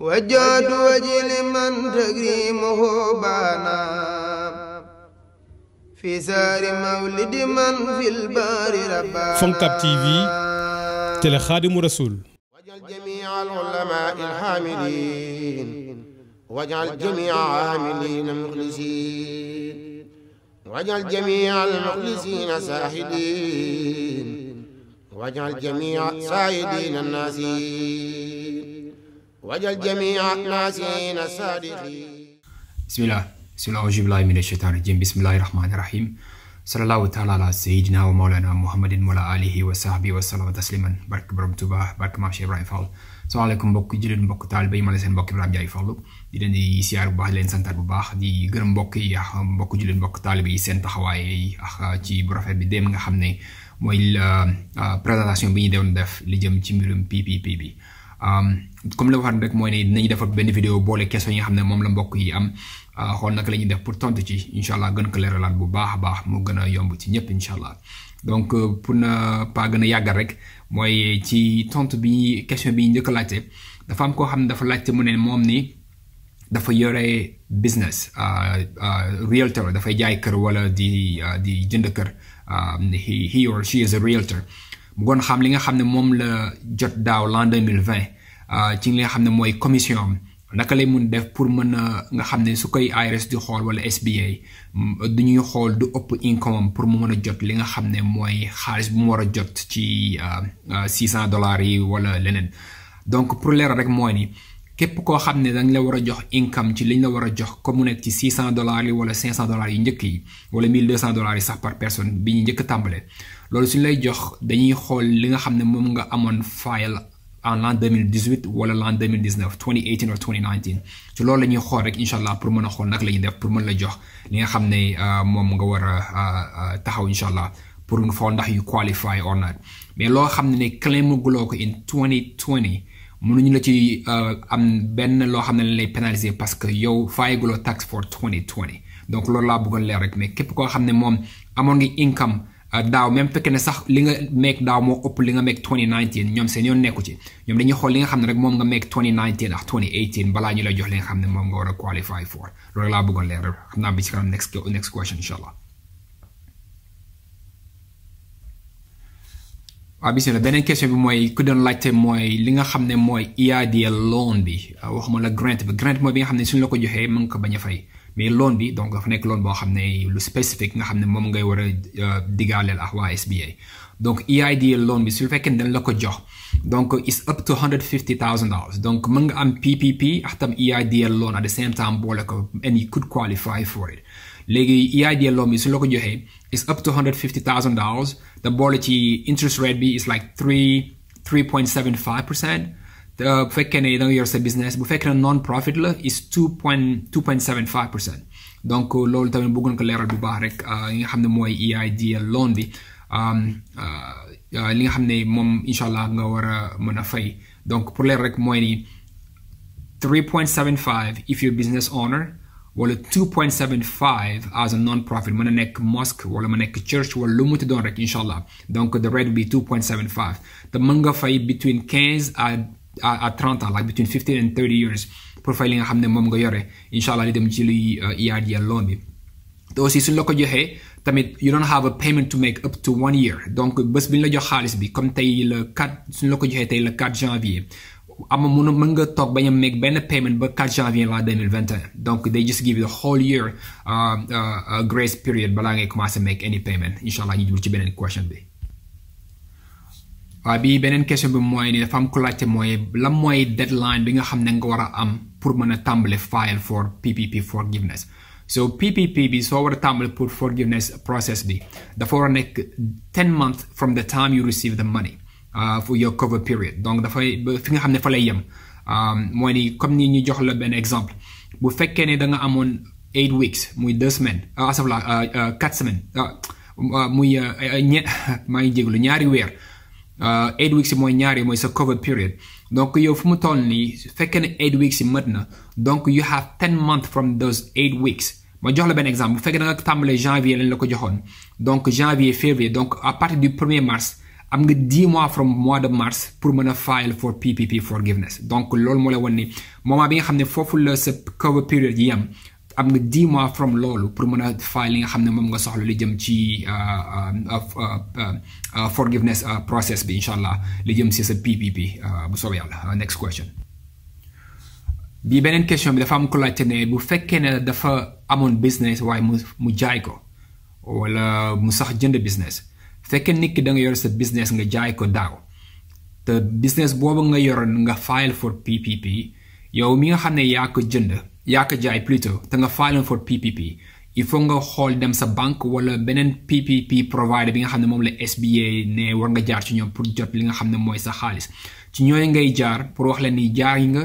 وجاد وجه من تكريمه بانا في سار مولد من في البار ربانا فنكب تي في تلخادم رسول وجعل جميع العلماء الحاملين وجعل جميع عاملين مخلصين وجعل جميع المخلصين ساحدين وجعل جميع سائدين الناسين واجعل جميع الناسين صادقين بسم الله بسم الله أعوذ بالله من الشيطان الرجيم بسم الله الرحمن الرحيم صلى الله تعالى على سيدنا ومولانا محمد وعلى آله وصحبه وسلم تسليما بارك برم توبا بارك ماشي إبراهيم فال السلام عليكم بوك جيرن بوك طالبي مالا سين بوك إبراهيم جاي فالو دي دي سيار بو باخ لين سانتار بو باخ دي گرم بوك يا خام بوك جيرن بوك طالبي سين تخواي اخ تي بو رافيت بي ديم nga xamne moy la euh, presentation biñu deewon def li jëm ci mbirum PPP bi comme la waxoon rek mooy ne dinañu defar benn vidéo boole question yi xam ne moom la mbokk yi am ah, xool naka la ñuy def pour tontu ci incha allah gën ko leeralaat bu baax a baax mu gën a yomb ci ñëpp incha allah donc euh, pour na pas gën a yàggal rek mooy ci tontu bi ñu question bi njëkk a laajte dafa am koo xam ne dafa laajte mu ne moom nii dafa yore business ah, ah, realtor dafay jaay kër wala di di jënd kër he or she is a realtor mu goon xam li nga xam ne moom la jot daaw l'an 2020 Euh, ci li nga xam ne mooy commission naka lay mun def pour mën a nga xam ne su koy IRS di xool wala SBA mm, du ñuy xool du ëpp income pour mu mën a jot li nga xam ne mooy xaalis bu mu war a jot ci 600 euh, euh, dollars yi wala leneen donc pour leeral rek mooy ni. képp koo xam ne danga la war a jox income ci liñ la war a jox comme mu nekk ci 600 dollars yi wala 500 dollars yi njëkk yi wala 1200 dollars yi sax par bi njëkk tàmbale loolu suñ lay jox dañuy xool li nga xam ne moom nga amoon file en l'an 2018 wala l'an 2019 2018 or 2019 ci lolou lañuy xol inshallah pour mën xol nak lañuy def pour mën la jox li nga xamné mom nga wara taxaw inshallah pour nga xool ndax yu qualify or not mais lo xamné ne claim guloo in 2020 mënuñu la ci am benn lo xamné lañ lay pénaliser parce que yow fayaguloo tax for 2020 donc lolou la bëggoon leer rek mais képp ko xamné mom moom nga income Euh, daaw même fekk ne sax li nga meeg daaw moo ëpp li nga meeg 2019 ñoom seen yoon nekku ci ñoom dañuy xool li nga xam ne rek moom nga meeg 2019 ak 2018 balaa ñu lay jox li nga xam ne moom nga war a qualify for loolu laa bëggoon leer xam naa bi ci kanam next question incha allah. waaw bisimilah beneen question bi mooy ku doon laajte mooy li nga xam ne mooy IADL loan bi waxuma la grant bi grant mooy bi nga xam ne suñu la ko joxee mën nga ko bañ a fay. mais loan bi donc dafa nekk loan boo xam ne lu spécifique nga xam ne moom ngay war a euh, digaaleel ak waa SBA donc EIDL loan bi su fekkee ne dañ la ko jox donc it's up to hundred fifty thousand dollars donc mën nga am PPP ak tam EIDL loan at the same time boole ko and you could qualify for it Legi EIDL loan bi su la ko joxee it's up to hundred fifty thousand dollars The boole interest rate be is like three three point seven five percent the donc il your business bu fekkee non profit is 2.75 percent donc euh, loolu tamit bëggoon ko leeral bu baax rek euh, yi nga xam ne mooy EIDL loan bi um, euh, li nga xam ne moom incha allah nga war donc pour leer rek ni 3.75 if you're business owner wala 2.75 as a non profit mën a mosque wala ma nekk church wala lu mu ti donc the rate be 2.75 The mën between 15 and à uh, 30 like between 15 and 30 years profiling yi nga xam inshallah moom dem ci luy EIDL loan bi te aussi tamit you don't have a payment to make up to one year donc bés bi ñu la jox xaalis bi comme tey le 4 suñ la ko joxee tey le 4 janvier ama mun mën nga toog make benn payment ba 4 janvier la 2021 donc they just give you the whole year uh, uh, grace period balaa ngay commencé make any payment Inshallah allah ñu jublu question bi waaye bi beneen question bi mooy ni dafa am ko laajte mooy lan mooy deadline bi nga xam ne nga war a am pour mën a tàmbale file for PPP forgiveness so PPP bi soo war a tàmbale pour forgiveness process bi dafa war a nekk ten months from the time you receive the money uh, for your cover period donc dafay fi nga xam ne fa lay yem um, mooy ni comme ni ñu jox la benn exemple bu fekkee ne da nga amoon eight weeks muy deux semaines uh, asafla uh, quatre semaines muy ñe maa ngi jégalu ñaari weer uh, eight weeks mooy ñaari is sa covered period donc yow fu mu toll nii su eight weeks yi mat na donc you have ten months from those eight weeks ma jox la benn exemple bu fekkee da nga tàmbalee janvier lañ la ko joxoon donc janvier février donc à partir du premier mars am nga dix mois from mois de mars pour mën file for PPP forgiveness donc loolu moo la wan ni moment bi nga xam ne la sa cover period yi am am nga dix mois from loolu pour mën a file li nga xam ne moom nga soxla li jëm ci euh, euh, euh, forgiveness process bi incha allah li jëm si sa PPP bu soobee yàlla next question. bi beneen question bi dafa am ko laajte ne bu fekkee ne dafa amoon business waaye mu mu jaay ko wala mu sax jënd business fekke nit ki da nga yor sa business nga jaay ko daaw te business boobu nga yoroon nga file for PPP yow mi nga xam ne yaa ko jënd. yaa ko jaay plutôt te nga filing for PPP il faut nga xool dem sa banque wala beneen PPP provider bi nga xam ne moom la SBA ne war nga jaar ci ñoom pour jot li nga xam ne mooy sa xaalis ci ñooy ngay jaar pour wax la ni jaar yi nga.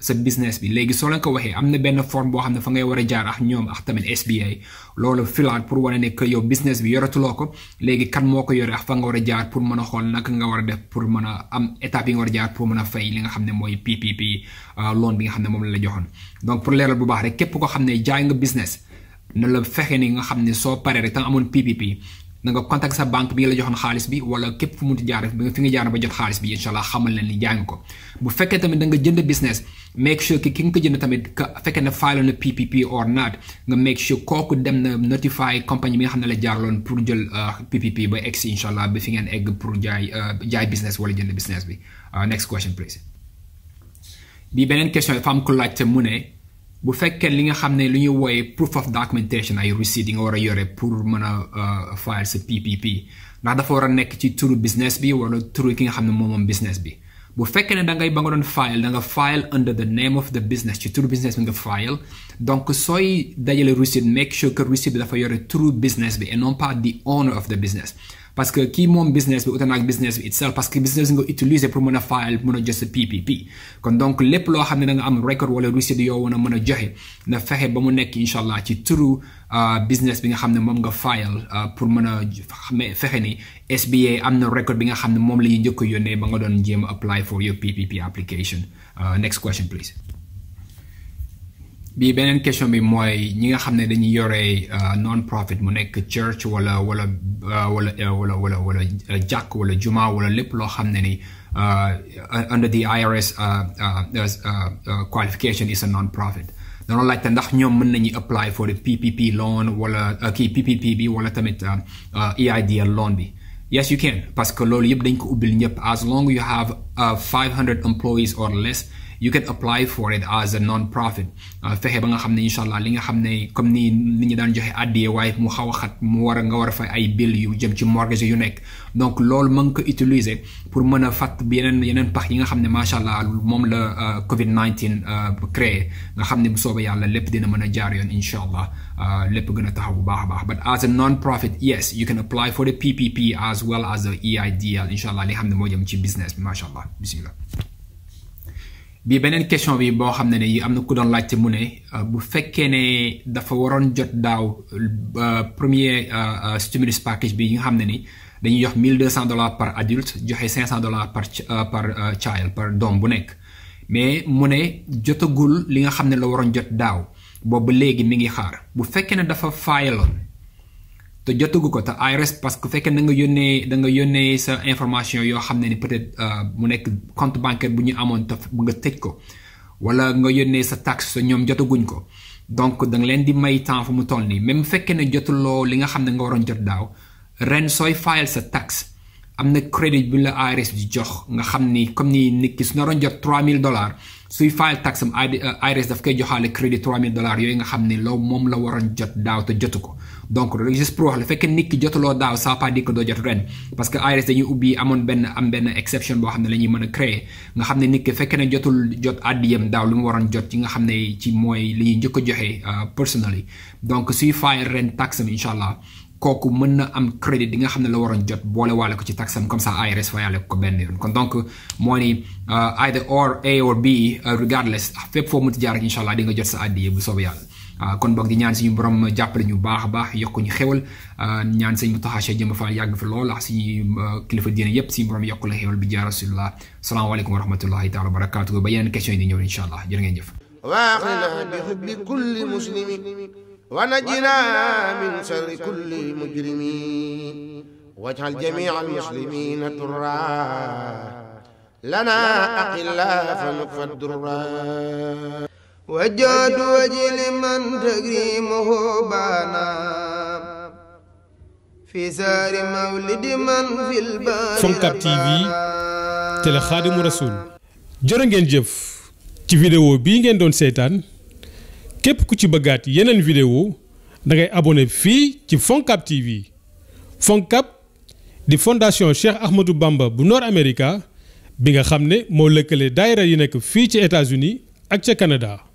sa business bi léegi soo leen ko waxee am na benn forme boo xam ne fa ngay war a jaar ak ñoom ak tamit SBA loolu filaat pour wane nekk que yow business bi yoratuloo ko léegi kan moo ko yore ak fa nga war a jaar pour mën a xool naka nga war a def pour mën a am étape yi nga war a jaar pour mën a fay li nga xam ne mooy PPP euh, loan bi nga xam ne moom la la joxoon. donc pour leeral bu baax rek képp ko xam ne jaay nga business na la fexe ni nga xam ne soo paree rek tam amoon PPP. na contact sa banque bi nga la joxoon xaalis bi wala képp fu munti jaar bi fi nga jaar ba jot xaalis bi incha xamal leen ni jaa ngi ko bu fekkee tamit da nga jënd business make sure ki ki nga ko jënd tamit que fekkee ne file na PPP nga make sure kooku dem na notify compagnie bi nga xam ne la jaarloon pour jël PPP euh, ba egg si incha allah ba fi ngeen egg pour jaay euh, jaay business wala jënd business bi euh, next question please. bi beneen question dafa am bu fekkee li nga xam ne lu ñu wooyee proof of documentation ay receipt yi nga war a yore pour mën a euh, file sa PPP ndax dafa war a nekk ci turu business bi wala turu ki nga xam ne moom business bi bu fekkee ne da ngay ba nga doon file da nga file under the name of the business ci turu business bi nga file donc sooy dajale receipt make sure que receipt bi dafa yore turu business bi et non pas the owner of the business. parce que kii moom business bi uta naak business bi itself parce que business nga utiliser a file mën a PPP kon donc lépp loo xam ne da am record wala receipt yoo woon a mën a joxe na fexe ba mu nekk incha allah ci turu euh, business bi nga xam ne moom nga file euh, pour mën a fexe ni SBA am na record bi nga xam ne moom la ñuy njëkk a nga doon jéem a apply for your PPP application euh, next question please bi beneen question bi mooy ñi nga xam ne dañuy yore euh, non profit mu nekk church wala wala euh, euh, wala wala wala wala jàkk wala juma wala lépp loo xam ne ni under the IRS qualification is a non profit danoon laajte ndax ñoom mën nañu apply for the PPP loan wala kii PPP bi wala tamit EIDL loan bi yes you can parce que loolu yëpp dañ ko ubbil ñëpp as long you have 500 employees or less you can apply for it as a non-profit ah, fexe ba nga xam ne incha allah li nga xam ne comme ni nit ñi daan joxe àddee waaye mu xaw a xat mu war a nga war a fay ay bill yu jëm ci yu nekk donc loolu mën ko utiliser pour mën a fàtt yeneen yeneen pax yi nga xam ne macha allah moom la ah, Covid 19 ah, créé nga xam ne bu soobee yàlla lépp dina mën a jaar yoon allah lépp gën a taxaw bu baax a baax but as a non-profit yes you can apply for the PPP as well as the EIDL incha allah li xam ne moo jëm ci business bi macha allah bi beneen question bi boo xam ne ne yi am na ku doon laajte mu ne euh, bu fekkee ne dafa waroon jot daaw euh, premier euh, stimulus package bi yi nga xam ne ni dañuy jox mille deux cent dollars par adulte joxe cinq cent dollars par par child par doom bu nekk mais mu ne jotagul li nga xam ne la waroon jot daaw boobu léegi mi ngi xaar bu fekkee ne dafa faayaloon te jot ko te IRS parce que fekkee da nga yone da nga yónnee sa information yoo xam ni peut uh, être mu nekk compte bancaire bu ñu amoon te mu nga tëj ko wala nga yónnee sa tax sa ñoom jotaguñ ko donc da nga leen di may temps fu mu toll nii même fekkee ne jotuloo li nga xam nga waroon jot daaw ren sooy file sa taxe am na crédit bi la ARS jox nga xam ni comme ni nit ki su naroon jot 3000 dollars suy file tax am ARS euh, koy joxaale crédit 3000 dollars yooyu nga xam ni loo moom la waroon jot daaw te jotu ko donc loolu juste pour wax la fekkee nit ki jotuloo daaw ça pas dire que doo jot ren parce que ARS dañuy ubbi amoon benn am benn exception boo xam ne la ñuy mën a créer nga xam ne nit ki fekkee ne jotul jot àddiyam daaw lu mu waroon jot ci nga xam ne ci mooy li ñuy njëkk a joxe euh, personally donc suy file ren tax am allah. kooku mën na am crédit di nga xam ne la waroon jot boole waale ko ci taxam comme ça IRS fayaale ko benn yoon kon donc moo ni euh, either or A or B euh, regardless ah, fépp foo mënti jaar ak incha jot sa àddi bu soobee yàlla. Euh, kon boog di ñaan suñu borom jàppale ñu baax a baax yokku ñu xewal ñaan suñu taxaasee jëm faal yàgg fi lool ak suñu kilifa diine yëpp suñu borom yokku la xewal bi jaar rasulullah salaamaaleykum wa rahmatullahi taala wa barakaatu ba yeneen question ونجنا من شر كل مجرمين واجعل جميع المسلمين ترا لنا أقلا فنكفى الدرا وجاد وجل من تكريمه بانا في سار مولد من في البار فنكب تي في تلخادم رسول jërë جف jëf فيديو vidéo bii ngeen doon képp ku ci bëggaat yeneen vidéo da ngay abonné fii ci TV de la fondation Cheikh Ahmadou Bamba bu Nord America bi nga xam ne moo lëkkale yi États-Unis ak Canada